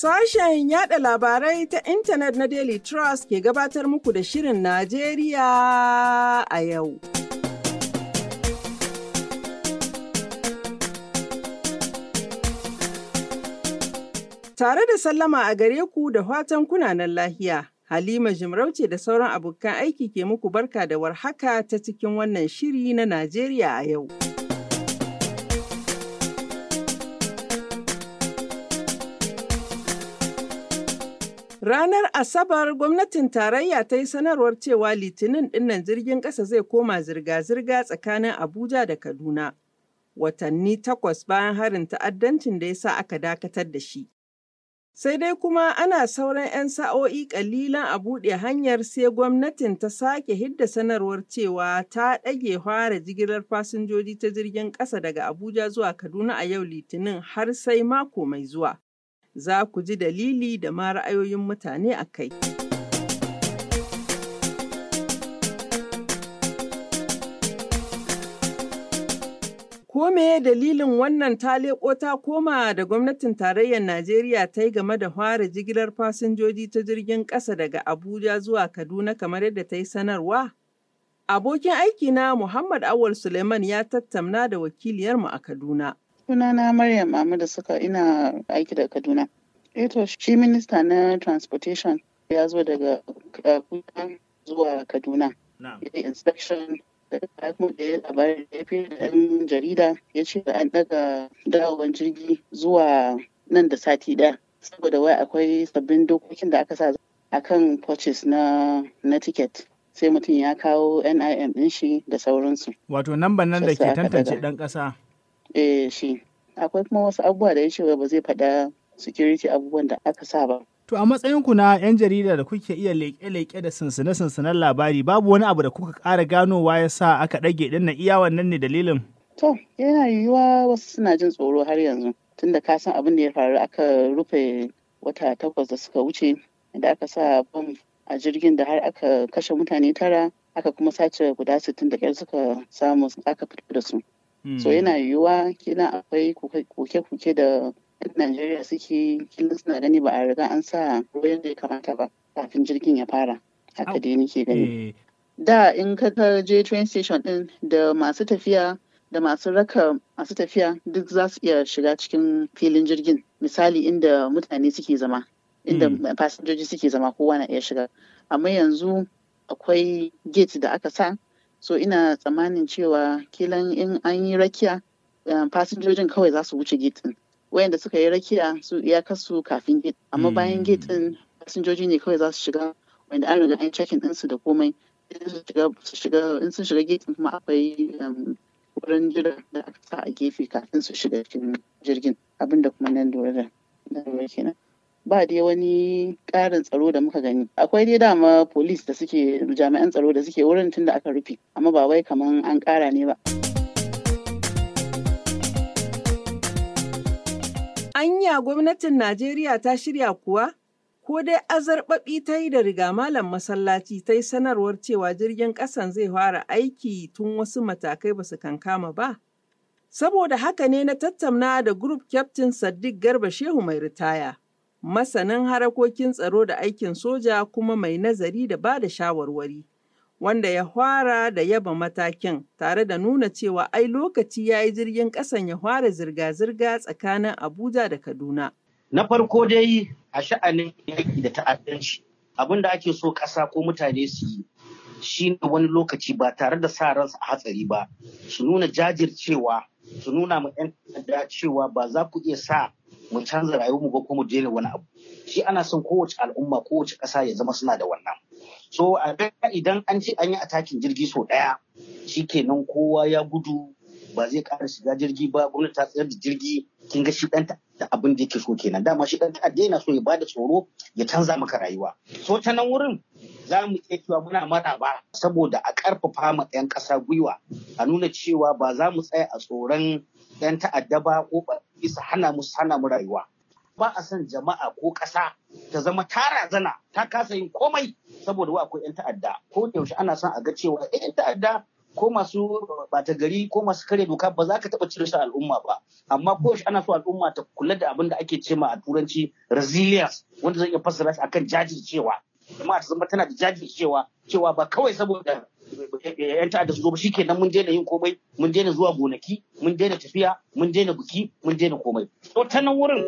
Sashen yada labarai ta intanet na Daily Trust ke gabatar muku da Shirin Najeriya a yau. Tare da sallama a gare ku da fatan kunanan lahiya, Halima Jimarauce da sauran abokan aiki ke muku barka da warhaka ta cikin wannan shiri na Najeriya a yau. Ranar Asabar, gwamnatin tarayya ta yi sanarwar cewa Litinin ɗinnan jirgin ƙasa zai koma zirga-zirga tsakanin Abuja da Kaduna, watanni takwas bayan harin ta'addancin da ya sa aka dakatar da shi. Sai dai kuma ana sauran 'yan sa'o'i ƙalilan a buɗe hanyar sai gwamnatin ta sake hidda sanarwar cewa ta ɗage fara jigilar fasinjoji ta jirgin ƙasa daga Abuja zuwa Kaduna a yau Litinin har sai mako mai zuwa. za ku ji dalili da ma ra'ayoyin mutane a kai. Ko dalilin wannan ta leƙo ta koma da gwamnatin tarayyar Najeriya ta yi game da fara jigilar fasinjoji ta jirgin ƙasa daga Abuja zuwa Kaduna kamar yadda ta yi sanarwa? Abokin aiki na Muhammad Awal Suleiman ya tattamna da wakiliyarmu a Kaduna. Sunana Maryam da suka ina aiki da Kaduna. Eto eh shi minista na transportation ya zo daga Kaduna zuwa Kaduna. Ya inspection da kuma da ya labarin da ya fi ɗan jarida ya ce da an daga dawowar jirgi zuwa nan da sati ɗaya. Saboda wai akwai sabbin dokokin da aka sa a kan purchase na, na ticket. sai mutum ya kawo NIM ɗin shi da sauransu. Wato nan nan da ke tantance ɗan ƙasa. eh shi akwai kuma wasu abubuwa da ya ce ba zai faɗa security abubuwan da aka sa ba To a matsayinku na 'yan jarida da kuke iya leke leƙe da sinsine-sinsinan labari babu wani abu da kuka ƙara ganowa ya sa aka ɗage ɗin na iya wannan ne dalilin? To yana yiwuwa wasu suna jin tsoro har yanzu tunda ka san abin da ya faru aka rufe wata takwas da suka wuce da aka sa bom a jirgin da har aka kashe mutane tara aka kuma sace guda sittin da ƙyar suka samu aka fito da su. so mm. yana yiwuwa kina akwai koke-koke da Najeriya suke kila suna gani ba a riga an sa ruwan da ya kamata ba kafin jirgin ya fara haka dai nake gani eh. da in ka je train station din da masu tafiya da masu raka masu tafiya duk za su iya shiga cikin filin jirgin misali inda mutane suke zama inda mm. fasinjoji suke zama kowa na iya shiga amma yanzu akwai gate da aka sa so ina tsammanin cewa kilan in an yi rakiya eh, fasinjojin kawai za su wuce gitin wayanda suka yi rakiya su kasu kafin gate amma bayan gate in mm. fasinjoji ne kawai za su shiga wanda an riga an cekin ɗinsu da komai in sun shiga gate kuma akwai um, wurin jira da aka sa a gefe kafin su shiga cikin jirgin abinda kuma nan lura da kenan ba dai wani ƙarin tsaro da muka gani akwai dai dama polis da suke jami'an tsaro da suke wurin tun da aka rufe amma ba wai kaman an ƙara ne ba anya gwamnatin najeriya ta shirya kuwa ko dai azarbaɓi ta yi da riga malam masallaci ta yi sanarwar cewa jirgin ƙasan zai fara aiki tun wasu matakai ba su kankama ba. Saboda haka ne na tattauna da Group Captain Sadiq Garba Shehu mai ritaya. masanin harakokin tsaro da aikin soja kuma mai nazari da ba da shawarwari. Wanda ya fara da yaba matakin tare da nuna cewa ai lokaci ya yi jirgin ƙasan ya fara zirga-zirga tsakanin Abuja da Kaduna. Na farko dai a sha'anin yaƙi da ta'addanci abin da ake so ƙasa ko mutane su yi shi wani lokaci ba tare da sa ransa a hatsari ba su nuna jajircewa su nuna ma 'yan ta'adda cewa ba za ku iya sa mu canza rayuwar mu ko mu daina wani abu shi ana son kowace al'umma kowace ƙasa ya zama suna da wannan so a idan an ce an yi atakin jirgi sau ɗaya shikenan kowa ya gudu ba zai ƙara shiga jirgi ba gwamnati ta tsayar da jirgi kin ga shi ɗanta da abin da yake so kenan dama shi ɗanta ta'adda yana so ya bada tsoro ya canza maka rayuwa so ta nan wurin za mu iya cewa muna ba. saboda a ƙarfafa ma ƴan ƙasa gwiwa a nuna cewa ba za mu tsaya a tsoron 'yan ta'adda ba ko Isa hana musu hana mu rayuwa. Ba a son jama'a ko ƙasa ta zama ta razana ta kasa yin komai saboda wa akwai 'yan ta'adda ko yaushe ana son a ga cewa eh, 'yan ta'adda ko masu bata gari ko masu kare doka ba za ka taɓa cire su al'umma ba amma ko ana so al'umma ta kula da abin da ake ma a turanci resilience wanda zan iya fassara shi akan jajircewa Jama'a ta zama tana da jajircewa cewa ba kawai saboda yan ta'adda su zo ba nan mun daina yin komai mun daina zuwa gonaki mun daina tafiya mun daina buki mun daina komai to ta nan wurin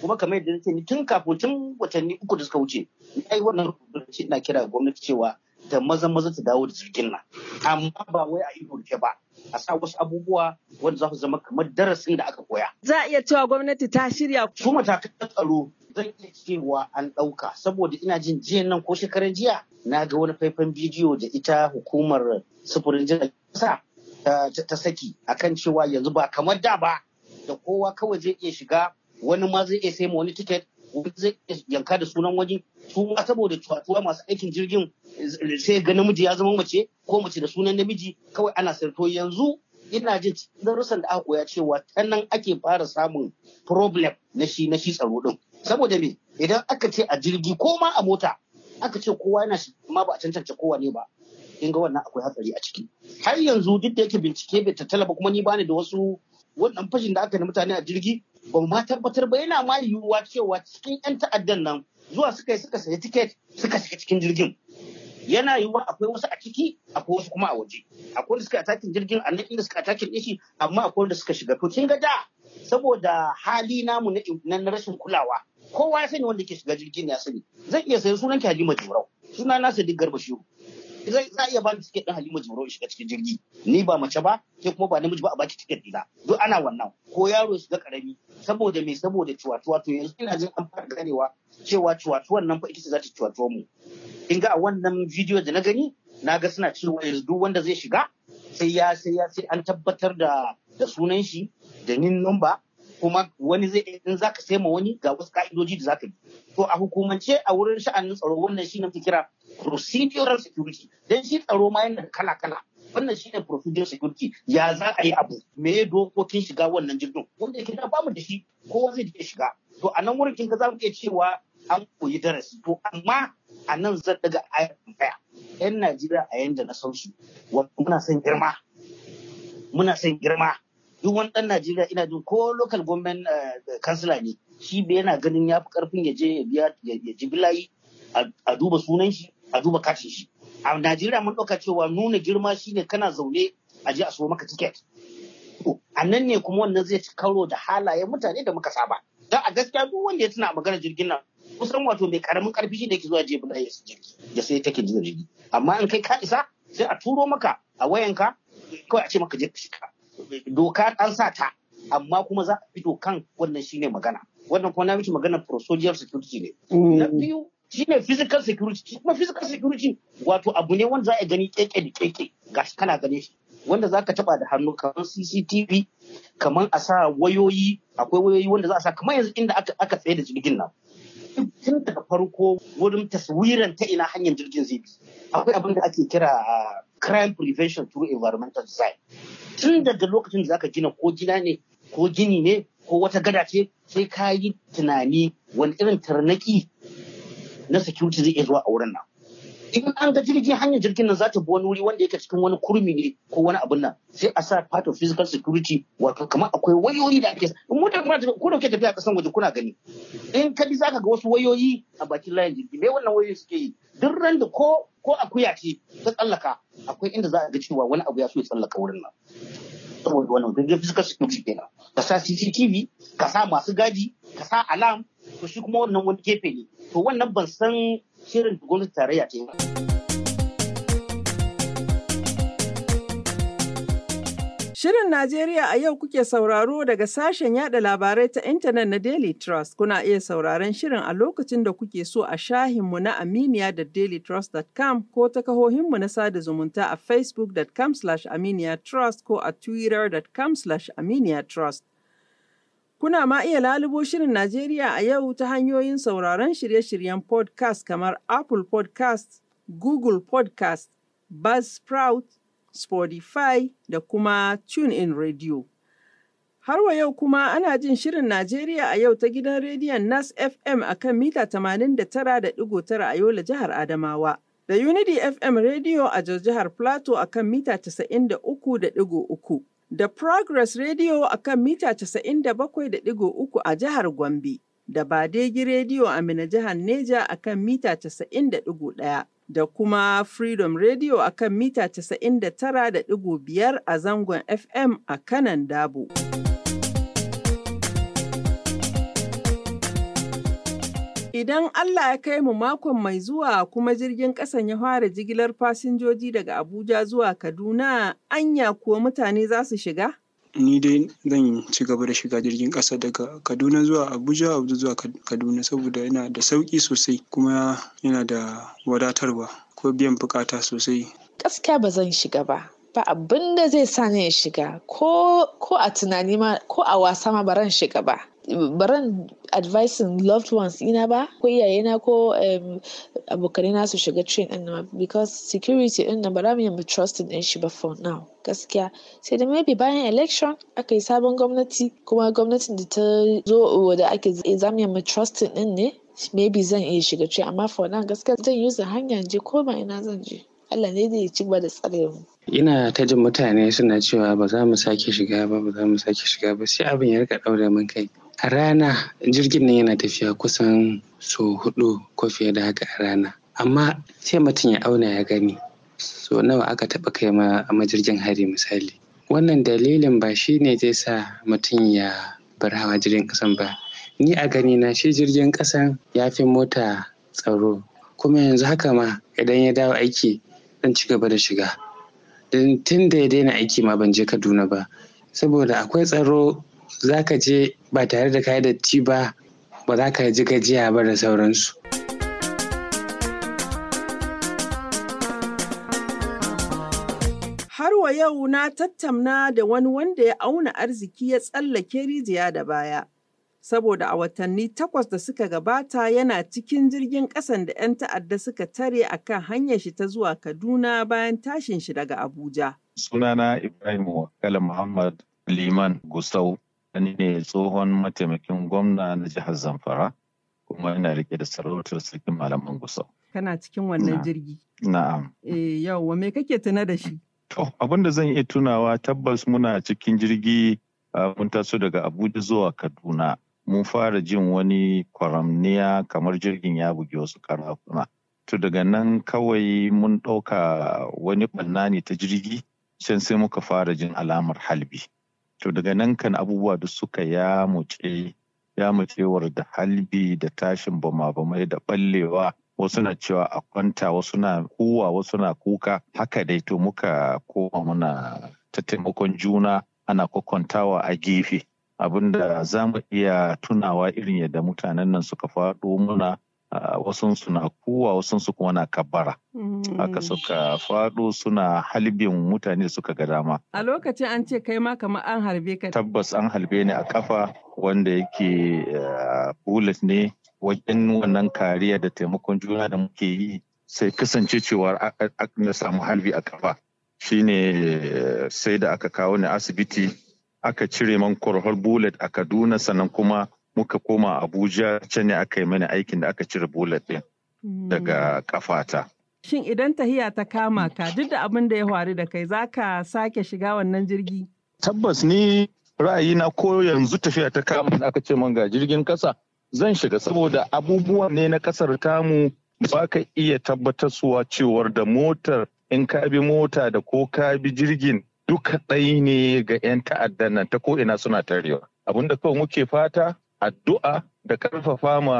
kuma kamar yadda nake ni tun kafin tun watanni uku da suka wuce ai wannan rubutu ina kira gwamnati cewa da maza maza ta dawo da jirgin nan amma ba wai a ido rufe ba a sa wasu abubuwa wanda za su zama kamar darasin da aka koya za a iya cewa gwamnati ta shirya su matakan tsaro zan iya cewa an ɗauka saboda ina jin jiyan nan ko shekaran jiya na ga wani faifan bidiyo da ita hukumar sufurin jirgin ƙasa ta saki a kan cewa yanzu ba kamar da ba da kowa kawai zai iya shiga wani ma zai iya sai wani tiket wani zai iya yanka da sunan wani su ma saboda tuwa masu aikin jirgin sai ga namiji ya zama mace ko mace da sunan namiji kawai ana sarto yanzu ina jin darussan da aka koya cewa ta nan ake fara samun problem na shi na shi tsaro din saboda me idan aka ce a jirgi ko ma a mota aka ce kowa yana shi kuma ba a cancanta ne ba in ga wannan akwai hatsari a ciki har yanzu duk da yake bincike bai tattala ba kuma ni bani da wasu wannan fashin da aka na mutane a jirgi ba ma tabbatar ba yana ma yiwuwa cewa cikin yan ta'addan nan zuwa suka yi suka sayi tiket suka shiga cikin jirgin yana yiwuwa akwai wasu a ciki akwai wasu kuma a waje akwai wanda suka atakin jirgin a nan inda suka atakin ɗin amma akwai wanda suka shiga to kin ga da saboda hali namu na rashin kulawa kowa ya sani wanda ke shiga jirgin ya sani zan iya sayan sunan ki Halima Jurau suna na Sadiq Garba Shehu zai za iya bani tiket din Halima Jurau ya shiga cikin jirgi ni ba mace ba ke kuma ba namiji ba a baki tiket dina duk ana wannan ko yaro ya shiga karami saboda me saboda ciwatuwa to yanzu ina jin an fara ganewa cewa ciwatuwan nan fa ita ce za ta ciwatuwa mu in ga a wannan bidiyo da na gani na ga suna cewa yanzu duk wanda zai shiga sai ya sai ya sai an tabbatar da da sunan shi da nin number kuma wani zai in zaka sai ma wani ga wasu ka'idoji da za ka yi to a hukumance a wurin sha'anin tsaro wannan shi ne kira procedural security don shi tsaro ma yana kala kala wannan shi ne procedural security ya za a yi abu me ya dokokin shiga wannan jirgin wanda yake da mu da shi kowa zai iya shiga to a nan wurin kinka za mu iya cewa an koyi darasi to amma a nan zan daga ayar tambaya yan Najeriya a yanda na san su muna son girma muna son girma duk wani ɗan Najeriya ina jin ko local government kansila eh, ne shi bai yana ganin ya fi karfin ya je ya ji bilayi a duba sunan shi a duba kashin shi. A Najeriya mun ɗauka cewa nuna girma shi shine kana zaune a je a so maka tiket. A nan ne kuma wannan zai ci karo da halaye mutane da muka saba. dan a gaskiya duk wanda ya tuna a maganar jirgin nan kusan wato mai karamin karfi shi da ke zuwa je bilayi ya jirgi ya sai take jirgi. Amma in kai ka isa sai a turo maka a wayanka kawai a ce maka je ka shiga. doka an sa ta amma kuma za a fi dokan wannan shine magana wannan kuma na miki magana prosocial security ne na mm. biyu shine physical security kuma physical security wato abu ne wanda za a gani keke da keke gashi kana gane shi wanda za ka taba da hannu kamar CCTV kamar a sa wayoyi akwai wayoyi wanda za a sa kamar yanzu inda aka tsaye da jirgin nan tun daga farko wurin taswiran ta ina hanyar jirgin zai bi akwai abin da ake kira crime prevention through environmental design tun daga lokacin da zaka gina ko gina ne ko gini ne ko wata gada ce sai ka yi tunani wani irin tarnaki na security zai iya zuwa a wurin nan in an ga jirgin hanyar jirgin nan za ta bi wani wuri wanda yake cikin wani kurmi ne ko wani abin nan sai a sa part of physical security wato kamar akwai wayoyi da ake in mutum kuna tafiya ko da kuke tafiya kasan waje kuna gani in ka bi zaka ga wasu wayoyi a bakin layin jirgi me wannan wayoyi suke yi duk ran da ko ko akuya ce ta tsallaka akwai inda za a ga cewa wani abu ya so ya tsallaka wurin nan saboda wannan suka physical security kenan ka sa CCTV ka sa masu gadi ka sa alarm to shi kuma wannan wani gefe ne to wannan ban san shirin gwamnati tarayya ce ba Shirin Najeriya a yau kuke sauraro daga sashen yada labarai ta intanet na Daily Trust. Kuna iya sauraron shirin a lokacin da kuke so a shahinmu na Aminiya da dailytrust.com ko ta kahohinmu na sada zumunta a facebook.com aminiyatrust ko a twitter.com aminiyatrust. Kuna ma iya lalubo shirin Najeriya a yau ta hanyoyin sauraron shirye-shiryen podcast kamar Apple Podcast, Google Podcast, Buzzsprout, Spotify da kuma in Radio. Har wa yau kuma ana jin Shirin Najeriya a yau ta gidan rediyon Nas FM a kan mita 89.9 a Yola jihar Adamawa. Da Unity FM Radio a jihar Plateau a kan mita 93.3. Da Progress Radio a kan mita 97.3 a jihar Gombe. Da Badegi Radio a Mina jihar Neja a kan mita 91. da kuma Freedom Radio a kan mita 99.5 a zangon FM a kanan Dabo. Idan Allah ya kai mu makon mai zuwa kuma jirgin ƙasan ya fara jigilar fasinjoji daga Abuja zuwa Kaduna, anya kuwa mutane za su shiga? ni dai zan ci gaba da shiga jirgin ƙasa daga Kaduna zuwa Abuja, Abuja zuwa Kaduna saboda yana da sauƙi sosai kuma yana da wadatarwa ko biyan bukata sosai. Gaskiya ba zan shiga ba. Ba abinda zai sa ni shiga ko a tunani ma ko a wasa ma ba ran shiga ba. baran advising loved ones ina ba ko iyayena ko abokanina su shiga train din nan because security din na ba za mu yi din shi ba for now gaskiya sai da maybe bayan election aka yi sabon gwamnati kuma gwamnatin da ta zo da ake za mu trust din ne maybe zan iya shiga train amma for now gaskiya zan yi hanya je ko ba ina zan je Allah ne zai ci gaba da tsare mu. Ina ta jin mutane suna cewa ba za mu sake shiga ba ba za mu sake shiga ba sai abin ya rika daure min kai. a rana jirgin nan yana tafiya kusan so hudu ko fiye da haka a rana amma sai mutum ya auna ya gani so nawa aka taba kai ma a majirgin hari misali wannan dalilin ba shi ne zai sa mutum ya bar hawa jirgin kasan ba ni a gani na shi jirgin ƙasan ya fi mota tsaro kuma yanzu haka ma idan ya dawo aiki zan ci gaba da shiga tun da ya daina aiki ma ban je kaduna ba saboda akwai tsaro za ka je ba tare da kayi datti ba ba za ka ji gajiya ba da sauransu har wa yau na tattamna da wani wanda ya auna arziki ya tsallake rijiya da baya saboda a watanni takwas da suka gabata yana cikin jirgin ƙasan da 'yan ta'adda suka tare a kan hanyar shi ta zuwa Kaduna bayan tashin shi daga Abuja. Sunana Ibrahim Wakala Muhammad Liman Gusau Ni ne tsohon mataimakin gwamna na jihar Zamfara kuma ina rike da sarautar sarkin malaman gusau. Kana cikin wannan jirgi. Na'am. Eh yawa me kake tuna da shi? To abin da zan iya tunawa tabbas muna cikin jirgi mun taso daga Abuja zuwa Kaduna. Mun fara jin wani kwaramniya kamar jirgin ya bugi wasu karafuna. To daga nan kawai mun ɗauka wani ɓanna ta jirgi, can sai muka fara jin alamar halbi. to daga nan kan abubuwa da suka yamuce yamucewar da halbi da tashin bama-bamai da ballewa wasu na cewa a kwanta wasu na kuwa wasu na kuka haka dai to muka koma muna ta taimakon juna ana kwakwantawa a gefe abinda za mu iya tunawa irin yadda mutanen nan suka faɗo muna Ah, wasansu na kuwa wasansu kuma na kabbara mm. haka suka faɗo suna halbin mutane suka ga dama a lokacin an ce kai ma kamar an harbe ka tabbas an harbe ni a kafa wanda yake ah, bullet ne wajen wannan kariya da taimakon juna da muke yi sai kasance cewa na samu halbi a kafa shine eh, sai da aka kawo ni asibiti aka cire man kurhar bullet a kaduna sannan kuma muka koma abuja can ne aka yi mani aikin da aka cire bullet ɗin daga kafata. Shin idan tahiya ta kama ka duk da abin da ya faru da kai za ka sake shiga wannan jirgi? Tabbas ni na ko yanzu tafiya ta kama da aka ce man ga jirgin kasa zan shiga saboda abubuwa ne na kasar tamu ba ka iya tabbatar tabbatarsuwa cewar da motar in ka bi mota da ko ka bi jirgin duka ɗai ne ga 'yan ta'addan nan ta ko ina suna tarewa. Abin da kawai muke fata addu'a da karfafa ma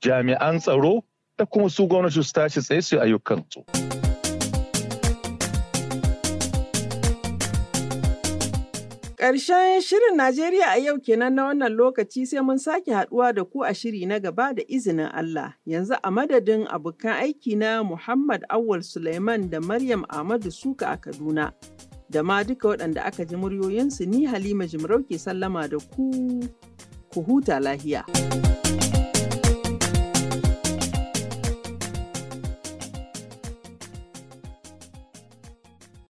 jami'an tsaro da kuma su gwamnati su tashi tsaye su ayyukansu. Ƙarshen shirin Najeriya a yau kenan na wannan lokaci sai mun sake haɗuwa da ku a shiri na gaba da izinin Allah. Yanzu a madadin abokan aiki na Muhammad Awal Suleiman da Maryam Ahmadu Suka a Kaduna. Da ma duka waɗanda aka ji muryoyinsu ni Halima Jimarau ke sallama da ku ku huta lahiya.